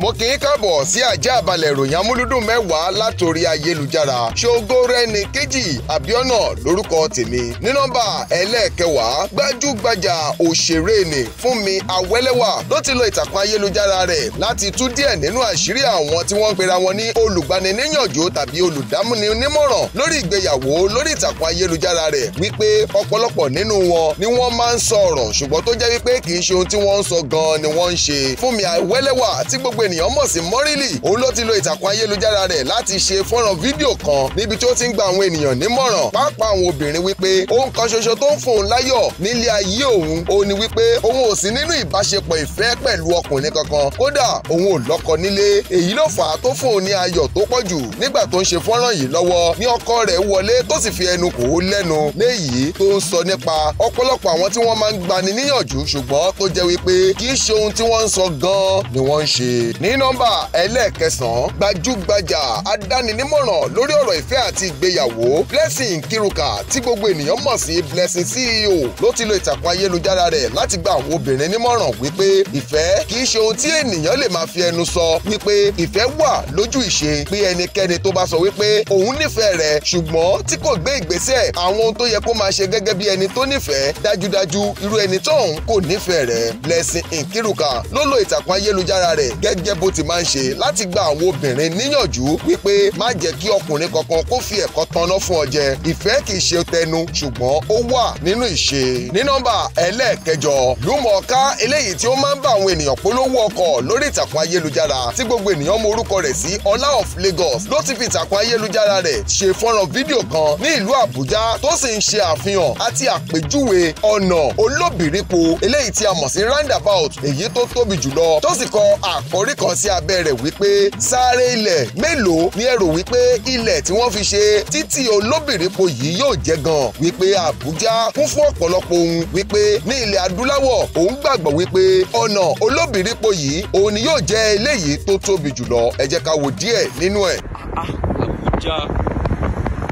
mo kì í káàbọ̀ sí ajá balẹ̀ ìròyìn amúlúdùn mẹ́wàá látòrí ayélujára ṣògo rẹni kejì abiona lórúkọ tèmi ní nọ́mbà ẹlẹ́ẹ̀kẹwàá gbajúgbajà òṣèré ni Fúnmi Awẹ́lẹ́wà ló ti lo ìtàkùn ayélujára rẹ̀ láti tú díẹ̀ nínú àṣírí àwọn tí wọ́n ń pera wọn ní olùgbaniníyànjú tàbí olùdámúninímọ̀ràn lórí ìgbéyàwó lórí ìtàkùn ayélujára rẹ̀ wípé ọ̀pọ̀lọpọ̀ nínú wọn ni wọ́n máa ń sọ ọ̀rọ̀ ṣùgbọ́n tó jẹ́ wípé kì í ṣe ohun tí wọ́n ń sọ gan-an ni wọ́n ń ṣe Fúnmi Awẹ́lẹ́wà tí gbogbo ènìyàn mọ̀ sí Mọ́rílì òun ló ti lo ìtàkùn ayélujára rẹ̀ láti ṣe fọ́nrán fídíò kan níbi tí ó ti ń gba àwọn ènìyàn nímọ̀ràn pàápàá àwọn obìnrin wípé ohun kan ṣoṣo tó ń fòun láyọ̀ nílé ayé òun òun ni wípé òun ò sí nínú ìbáṣepọ̀ ìfẹ́ pẹ̀lú ọkùnrin kankan kódà òun ò lọ́kọ nílé èyí ló fà á tó fòun ní ayọ̀ tó pọ̀ jù nígbà tó ń ṣe fọ́nrán yìí lọ́wọ́ ní ọkọ rẹ̀ wọlé tó sì fi ẹnu kò ó lẹ́nu léyìí tó ń sọ nípa ọ̀pọ̀lọpọ̀ àwọn tí wọ́n máa ń gbani níyànjú ṣùgbọ́n tó jẹ́ wípé kì í ṣe ohun tí wọ́n ń sọ gan-an ni wọ́n ń ṣe ní nọ́mbà ẹlẹ́ẹ̀kẹsàn-án gbajúgbajà adáninímọ̀ràn lórí ọ̀rọ̀ ìfẹ́ àti ìgbéyàwó Blessing Nkiruka tí gbogbo ènìyàn mọ̀ sí Blessing CEO ló ti lo ìtàkùn ayélujára rẹ̀ láti gba àwọn obìnrin nímọ̀ràn wípé ìfẹ́ kì í ṣe ohun tí ènìyàn lè máa fi ẹnu sọ wípé ìfẹ́ wà lójú ìṣe pé ẹnikẹ́ni tó bá sọ wípé òun nífẹ̀ẹ́ rẹ̀ ṣùgbọ́n tí kò gbé ìgbésẹ̀ àwọn ohun tó yẹ kó máa ṣe gẹ́gẹ́ bí ẹni tó nífẹ̀ẹ́ dájúdájú irú ẹni tóun kò nífẹ̀ẹ́ rẹ̀ Blessing Nkiruka ló lo ìtàkùn ayélujára rẹ̀ gẹ́g gẹ́gẹ́ bó ti máa ń ṣe láti gba àwọn obìnrin níyànjú wípé má jẹ́ kí ọkùnrin kankan kó fi ẹ̀kọ́ tanná fún ọ jẹ ìfẹ́ kì í ṣe tẹnu ṣùgbọ́n ó wà nínú ìṣe. ní nọ́mbà ẹlẹ́ẹ̀kẹjọ lúmọ̀ọ́ká eléyìí tí ó máa ń bá àwọn ènìyàn polówó ọkọ̀ lórí ìtàkùn ayélujára tí gbogbo ènìyàn mọ orúkọ rẹ̀ sí ọlá of Lagos ló ti fi ìtàkùn ayélujára rẹ̀ ṣe fọ́nrán fídíò kan ní ìlú Àbújá tó sì ń ṣe àfihàn àti àpèjúwe ọ̀nà olóbìrípo eléyìí tí a mọ̀ sí roundabout èyí tó tóbi jùlọ tó sì kọ àkórí àṣírí kan sí abẹ́ rẹ̀ wípé sáré ilẹ̀ mélòó ni ẹ rò wípé ilẹ̀ tí wọ́n fi ṣe títì olóbìrípo yìí yóò jẹ́ gan wípé Àbújá kún fún ọ̀pọ̀lọpọ̀ ohun wípé ní ilẹ̀ adúláwọ̀ òun gbàgbọ́ wípé ọ̀nà olóbìrípo yìí òun ni yóò jẹ́ eléyìí tó tóbi jùlọ ẹ jẹ́ ká wò díẹ̀ nínú ẹ̀. Ah, ah, Àbújá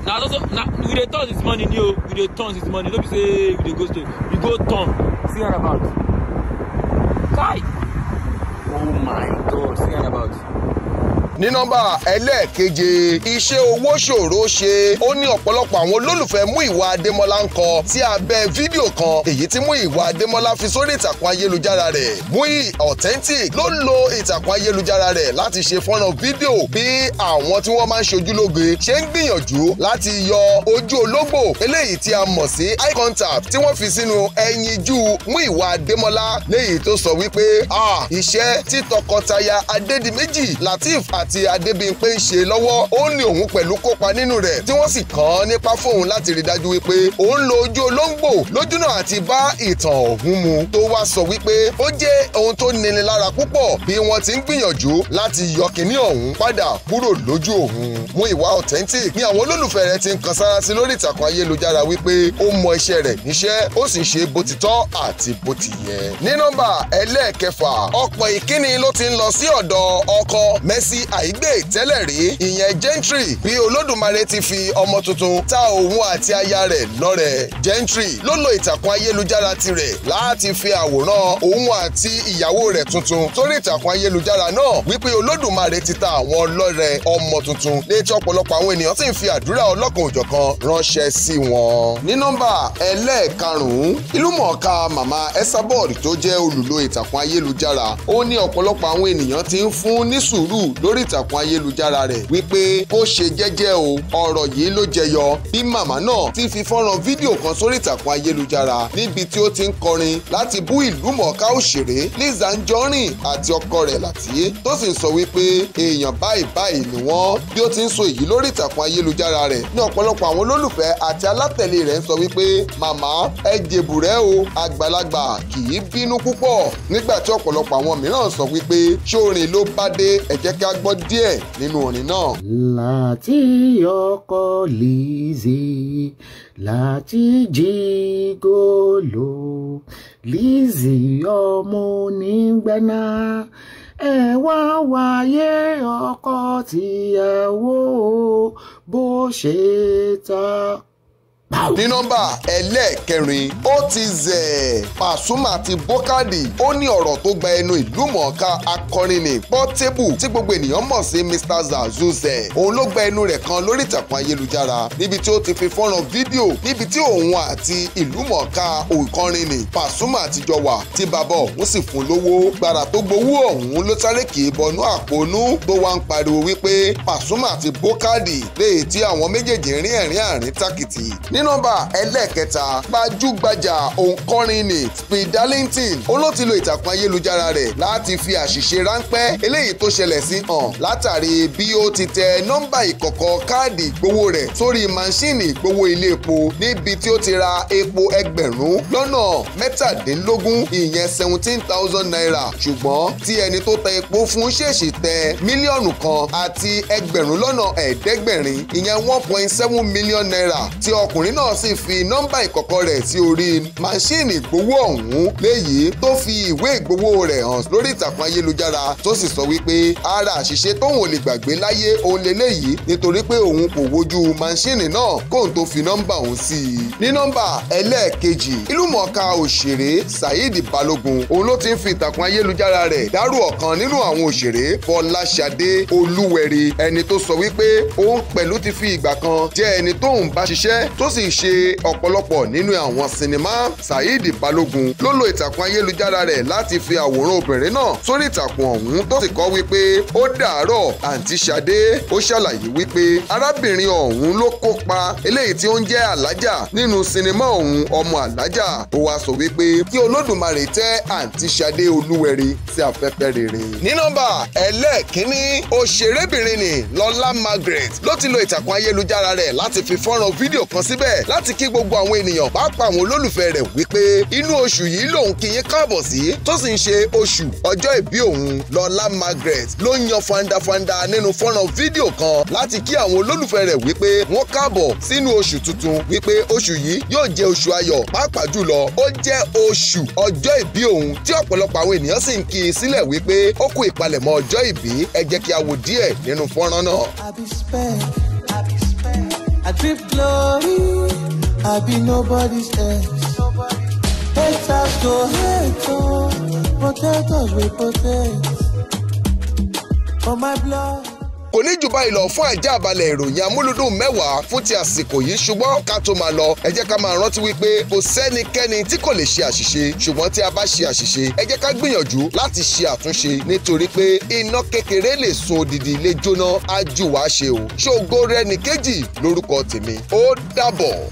na also na we dey turn this money ni o we dey turn this money. no be say we dey go stay we go turn see how about. ní nọ́mbà ẹlẹ́ẹ̀keje iṣẹ́ owó ṣòro ṣe ó ní ọ̀pọ̀lọpọ̀ àwọn olólùfẹ́ Múyìwá Adémọ́lá ń kọ sí abẹ́ fídíò kan èyí tí Múyìwá Adémọ́lá fi sórí ìtàkùn ayélujára rẹ̀ Múyì authentic ló ń lo ìtàkùn ayélujára rẹ̀ láti ṣe fọ́nrán fídíò bí àwọn tí wọ́n máa ń ṣojúlóge ṣe ń gbìyànjú láti yọ ojú ológbò eléyìí tí a mọ̀ sí eye contact tí wọ́n fi sínú ẹyinjú Múyìwá Adémọ́lá léyìí tó sọ wípé ah iṣẹ́ tí tọkọtaya Adédìméjì Latif àti àti Adébíyìnpé ń ṣe lọ́wọ́ ó ní òun pẹ̀lú kópa nínú rẹ̀ tí wọ́n sì kàn án nípa fóun láti rí dájú wípé òun lo ojú olóńgbò lójúnà àti bá ìtàn ọ̀hún mu tó wá sọ wípé ó jẹ́ ohun tó nini lára púpọ̀ bí wọ́n ti ń gbìyànjú láti yọ kínní ọ̀hún padà kúrò lójú òun Múyìwá authentic ni àwọn olólùfẹ́ rẹ̀ ti ń kan sára sí lórí ìtàkùn ayélujára wípé ó mọ iṣẹ́ rẹ̀ níṣẹ́ ó sì ṣe bó ti tọ́ àti bó ti yẹ. ní nọ́mbà ẹlẹ́ẹ̀kẹfà ọ̀pọ̀ ìkíni ló ti ń lọ sí ọ̀dọ̀ ọkọ Mercy àìgbé tẹ́lẹ̀ rí ìyẹn Gentry bí Olódùmarè ti fi ọmọ tuntun ta òun àti aya rẹ̀ lọ́rẹ̀ Gentry ló lo ìtàkùn ayélujára tirẹ̀ láti fi àwòrán òun àti ìyàwó rẹ̀ tuntun sórí ìtàkùn ayélujára náà wípé Olódùmarè ti ta àwọn lọ́rẹ̀ ọmọ tuntun létí ọ̀pọ̀lọpọ̀ àwọn ènìyàn sì ń fi àdúrà ọlọ́kan òjọ̀kan ránṣẹ́ sí wọn. ní nọ́mbà ẹlẹ́ẹ̀karùn-ún ìlúmọ̀ọ́ká màmá Esabod tó jẹ́ olùlò ìtàkùn ayélujára ó ní ọ̀pọ̀lọpọ̀ àwọn ènìyàn ti ń fún ní sùúrù lórí ìtàkùn ayélujára rẹ̀ wípé kó ṣe jẹ́jẹ́ o ọ̀rọ̀ yìí ló jẹyọ bí màmá náà ti fi fọ́nrán fídíò kan sórí ìtàkùn ayélujára níbi tí ó ti ń kọrin láti bú ìlú mọ̀ọ́ká òṣèré Lizzy Anjorin àti ọkọ rẹ̀ Lati tó sì ń sọ wípé èèyàn báyìí báyìí ni wọ́n bí ó ti ń sọ èyí lórí ìtàkùn ayélujára rẹ̀ ní ọ̀pọ̀lọpọ̀ àwọn olólùfẹ́ àti alátẹ̀lé rẹ̀ ń sọ wípé màmá ẹ jèbùrẹ́ o àgbàlagbà kì í bínú púpọ̀ nígbà tí ọ̀pọ̀lọpọ̀ àwọn mìíràn sọ wípé ṣóorin ló bá dé ẹ ká gbọ́ díẹ̀ nínú orin náà. láti ọkọ Lizzy láti jígolo Lizzy ọmọ onígbẹ́ná ẹ wá wáyé ọkọ tí bó ṣe ta ní nọ́mbà ẹlẹ́ẹ̀kẹrin ó ti zẹ̀ Pasuma ti Bọ́kàdì ó ní ọ̀rọ̀ tó gba ẹnu ìlú mọ̀ọ́ká akọrin ní Portable tí gbogbo ènìyàn mọ̀ sí Mr Zazu zẹ̀ òun ló gba ẹnu rẹ̀ kan lórí ìtàkùn ayélujára níbi tí ó ti fi fọ́nrán fídíò níbi tí òun àti ìlú mọ̀ọ́ká òǹkọrin ní Pasuma ti jọ wà tí bàbá òun sì fún lówó gbàrà tó gbowó ọ̀hún ló sáré kì í bọnú àpònú tó wá ń pariwo wípé Pasuma ti Bọ́kàdì léè tí àwọn méjèèjì rín ẹ̀rín àrín nọ́mbà ẹlẹ́ẹ̀kẹta gbajúgbajà òǹkọrin ni Speed Darlington olóòtú lo ìtàkùn ayélujára rẹ̀ láti fi àṣìṣe ráńpẹ́ eléyìí tó ṣẹlẹ̀ sí hàn látàrí bí ó ti tẹ nọ́mbà ìkọ̀kọ̀ káàdì ìgbowó rẹ̀ sórí màṣíìnì ìgbowó ilé epo níbi tí ó ti ra epo ẹgbẹ̀rún lọ́nà mẹ́tàdínlógún ìyẹn seventeen thousand naira ṣùgbọ́n tí ẹni tó ta epo fún ṣèṣì tẹ mílíọ̀nù kan àti ẹgbẹ̀rún lọ́nà ẹ̀ẹ́dẹ́gbẹ̀rin ìyẹn one point seven million naira tí ọkùnrin náà sì fi nọ́mbà ìkọ̀kọ̀ rẹ̀ sí orí máṣíìnì ìgbowó ọ̀hún léyìí tó fi ìwé ìgbowó rẹ̀ hàn lórí ìtàkùn ayélujára tó sì sọ wípé ara àṣìṣe tóun ò lè gbàgbé láyé òun leléyìí nítorí pé òun kò wojú máṣíìnì náà kóun tó fi nọ́mbà òun sí i. ní nọ́mbà ẹlẹ́ẹ̀kejì ìlúmọ̀ọ́ká òṣèré Saheed Balogun òun ló ti ń fi ìtàkùn ayélujára rẹ̀ dárò ọ̀kan nínú àwọn òṣèré Fọláṣadé Olúwẹ̀rí ẹni tó sọ wípé òun pẹ̀lú ti fi ìgbà kan jẹ́ ẹni tóun bá ṣiṣẹ́ tó sì í ṣe ọ̀pọ̀lọpọ̀ nínú àwọn sinimá Saheed Balogun ló lo ìtàkùn ayélujára rẹ̀ láti fi àwòrán obìnrin náà sórí ìtàkùn ọ̀hún tó sì kọ wípé ó dàárọ̀ àǹtí Ṣadé ó ṣàlàyé wípé arábìnrin ọ̀hún ló kópa eléyìí tí ó ń jẹ́ alájà nínú sinimá ọ̀hún ọmọ alájà ó wá sọ wípé kí olódùmarè tẹ́ àǹtí Ṣadé olúwẹ̀rí sí afẹ́fẹ́ rere. ní nọ́mbà ẹlẹ́ẹ̀kínní òṣèrébìnrin ni Lọlá Margaret ló ti lo ìtàkùn ayélujára rẹ̀ láti fi fọ́nrán fídíò kan síbẹ̀ láti kí gbogbo àwọn ènìyàn pàápàá àwọn olólùfẹ́ rẹ̀ wípé inú oṣù yìí lòun kí yín káàbọ̀ sí tó sì ń ṣe oṣù ọjọ́ ìbí òun lọ́lá Margaret ló ń yan fandafanda nínú fọ́nrán fídíò kan láti kí àwọn olólùfẹ́ rẹ̀ wípé wọ́n káàbọ̀ sínú oṣù tuntun wípé oṣù yìí yóò jẹ́ oṣù ayọ̀ pàápàá jùlọ ó jẹ́ oṣù ọjọ́ ìbí òun tí ọ̀pọ̀lọpọ̀ àwọn ènìyàn sì ń kí i sílẹ̀ wípé ó kú ìpalẹ̀mọ́ ọjọ́ ìbí ẹ jẹ́ kí a wò díẹ̀ nínú fọ́nrán náà. I drip glory, I be nobody's else. Haters go hate, oh. protectors we protect. For my blood. kò ní jù báyìí lọ fún àjẹ́ àbálẹ̀ ìròyìn amúlùdùn mẹ́wàá fún ti àsìkò yìí ṣùgbọ́n ká tó máa lọ ẹ jẹ́ ká máa rántí wípé kò sẹ́nikẹ́ni tí kò lè ṣe àṣìṣe ṣùgbọ́n tí a bá ṣe àṣìṣe ẹ jẹ́ ká gbìyànjú láti ṣe àtúnṣe nítorí pé iná kékeré lè sun odidi ilé jóná á jù ṣe o ṣògo rẹ̀ nìkejì lórúkọ tèmi ó dàbọ̀.